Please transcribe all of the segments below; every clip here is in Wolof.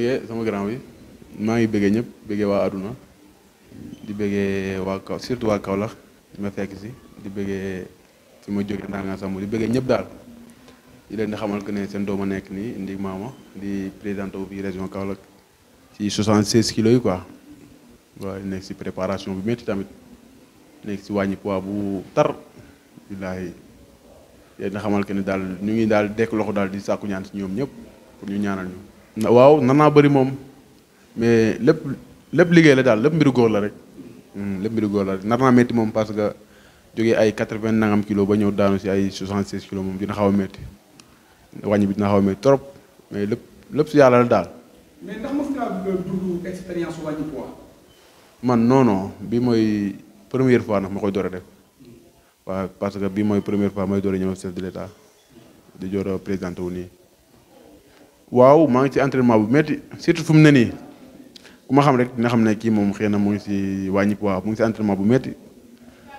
bëggee sama grand bi maa ngi bëggee ñëpp bëggee waa àdduna di bëggee waa kaw surtout waa Kaolack ma fekk si di bëggee si ma jógee ndaangaan sama di bëggee ñëpp daal di leen di xamal que ne seen doom a nekk nii indi maama di présenté wu fii région Kaolack ci 76 kilos yi quoi waaw nekk si préparation bi métti tamit nekk si wàññi poids bu tar billaahi leen di xamal que ne daal ñu ngi daal dekk loxo daal di sàkku ñaan si ñoom ñëpp pour ñu ñaanal waaw nar naa bëri moom mais lépp lépp liggéey la daal lépp mbiru góor la rek hmm, lépp mbiru góor la moom parce que jóge ay quatre-vingt nangam kilos ba ñëw daanu si ay soixante-seize kilo moom dina xaw a métti wàññi bi dina xaw a trop mais lépp lépp si yàlla la daal. mais ndax mos nga dund expérience wàññi poids. man non non bii mooy première fois nag ma koy door rek waa hmm. waaw parce que bi mooy première fois mooy door a ñëw chef de l'État di door a présenté wu nii. waaw maa ngi ci entraînement bu métti surtout fu mu ne nii ku ma xam rek dina xam ne kii moom xëy na mu ngi si wàññi waaw mu ngi si entraînement bu métti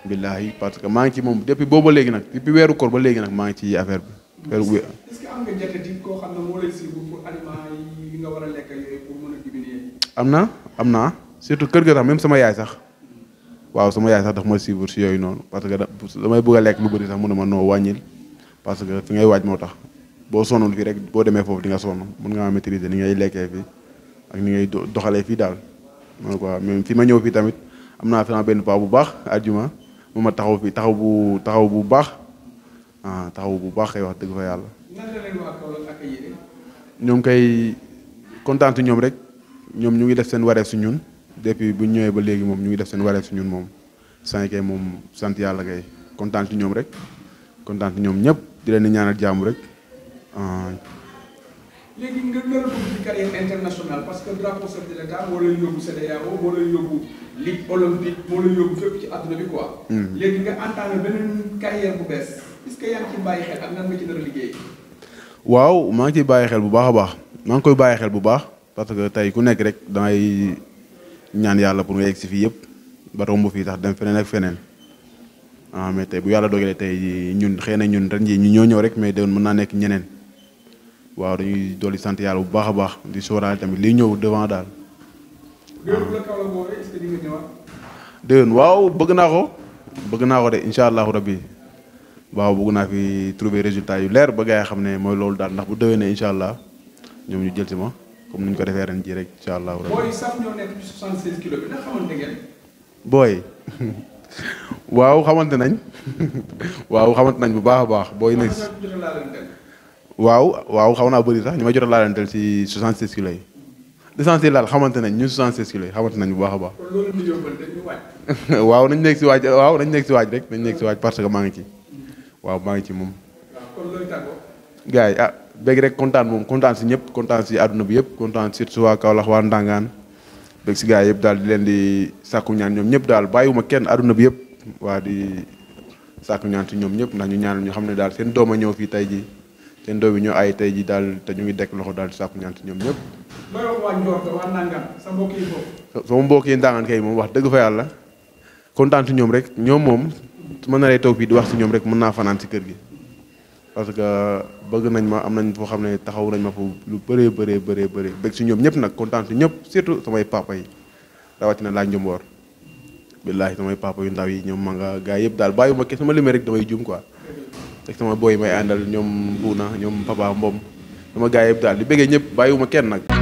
billahi parce que maa ngi ci moom depuis boobu léegi nag depuis bi. affaire bu est-ce que ne moo a lekk pour mën a diminuer. na am na surtout kër ga sax même yaay sax waaw sama yaay sax daf ma suivre si yooyu noonu parce que damay bëgg lekk lu bëri sax mu ma noo wàññil parce que fi ngay waaj moo tax. bo sonnoon fi rek bo demee fofu di nga sonu mën nga maîtriser ni ngay léké fi ak ni ngay doxalé fi dal mon quoi même fi ma ñëw fi tamit amna fi sama benn paa bu baax aljuma moom ma taxaw fi taxaw bu taxaw bu baax ah taxaw bu baax ay wax deug fa yalla ñom kay contente ñom rek ñom ñu ngi def seen waré su ñun depuis bu ñëwé ba légui mom ñu ngi def seen waré su ñun mom sant kay moom sant yàlla kay contente ñom rek contente ñom ñoom ñëpp di leen ñaanal jaamu rek léegi nga nar a dugg ci carrière internationale parce que drapeau chef de l'état moo lay yóbbu CEDEAO moo lay yóbbu ligue olympique moo lay yóbbu fépp ci àdduna bi quoi. Hmm. léegi nga entamé beneen carrière bu bees est-ce que yaa ngi ciy xel ak nan nga ci nar liggéey. waaw maa ngi ciy bàyyi xel bu baax baax maa ngi koy bàyyi xel bu baax parce que tey ku nekk rek dangay ñaan yàlla pour nga yegg si fii yëpp ba romb fii tax dem feneen ak feneen ah mais tey bu yàlla dogalee tey ñun xëy na ñun ren jii ñu ñoo ñëw rek mais déwén mën naa ñeneen. waaw dañuy dolli sant yàlla bu baax a baax di sóoraale tamit liy ñëw devant daal. déwén waaw bëgg naa ko. bëgg naa ko de incha allahu rabbi waaw bëgg naa fi trouver résultat yu leer ba gars yi xam ne mooy loolu daal ndax bu déwénee incha allah ñoom ñu jël si ma comme ni ko defee ren jii rek incha allahu rabbi. booy. waaw xamante nañ waaw xamante nañ bu baax a baax booy nekk waaw waaw xaw naa bëri sax ñu ma jot a laalanteel ci 76 kilos yi l'essentiel daal xamante nañ ñun 76 kilos yi xamante nañ bu baax a baax. waaw nañ nekk si waaj waaw nañ nekk si waaj rek nañ nekk si waaj parce que maa ngi ci waaw maa ngi ci moom. gars ah bëgg rek kontaan moom kontaan si ñëpp kontaan si àdduna bi yëpp kontaan surtout waa Kaolack waa Ndangaan bëgg si gars yëpp daal di leen di sàkku ñaan ñoom ñëpp daal bàyyiwuma kenn àdduna bi yëpp waa di sàkku ñaan si ñoom ñëpp ndax ñu ñaan ñu xam ne daal seen doom a ñëw fii tey jii seen doom yi ñoo ay tey ji daal te ñu ngi dekk loxo daal di ñoom ñëpp. looy wax waa Ndior sa mbokk yi foofu. sama mbokk kay moom wax dëgg fa yàlla kontaan ci ñoom rek ñoom moom su ma lay toog fii di wax ci ñoom rek mën naa fanaan ci kër gi. parce que bëgg nañ ma am nañ foo xam ne taxaw nañ ma foofu lu bëree bëree bëree bëree bëgg ci ñoom ñëpp nag kontaan ci ñëpp surtout samay papa yi rawatina laaj njumboor billaahi samay papa yu ndaw yi ñoom ma nga gars yëpp daal bàyyiwuma ke sama limee rek damay juum quoi ak sama booy may àndal ñoom Buuna ñoom Papa Mbom sama gars yëpp daal di bëggee ñëpp bàyyiwuma kenn nag.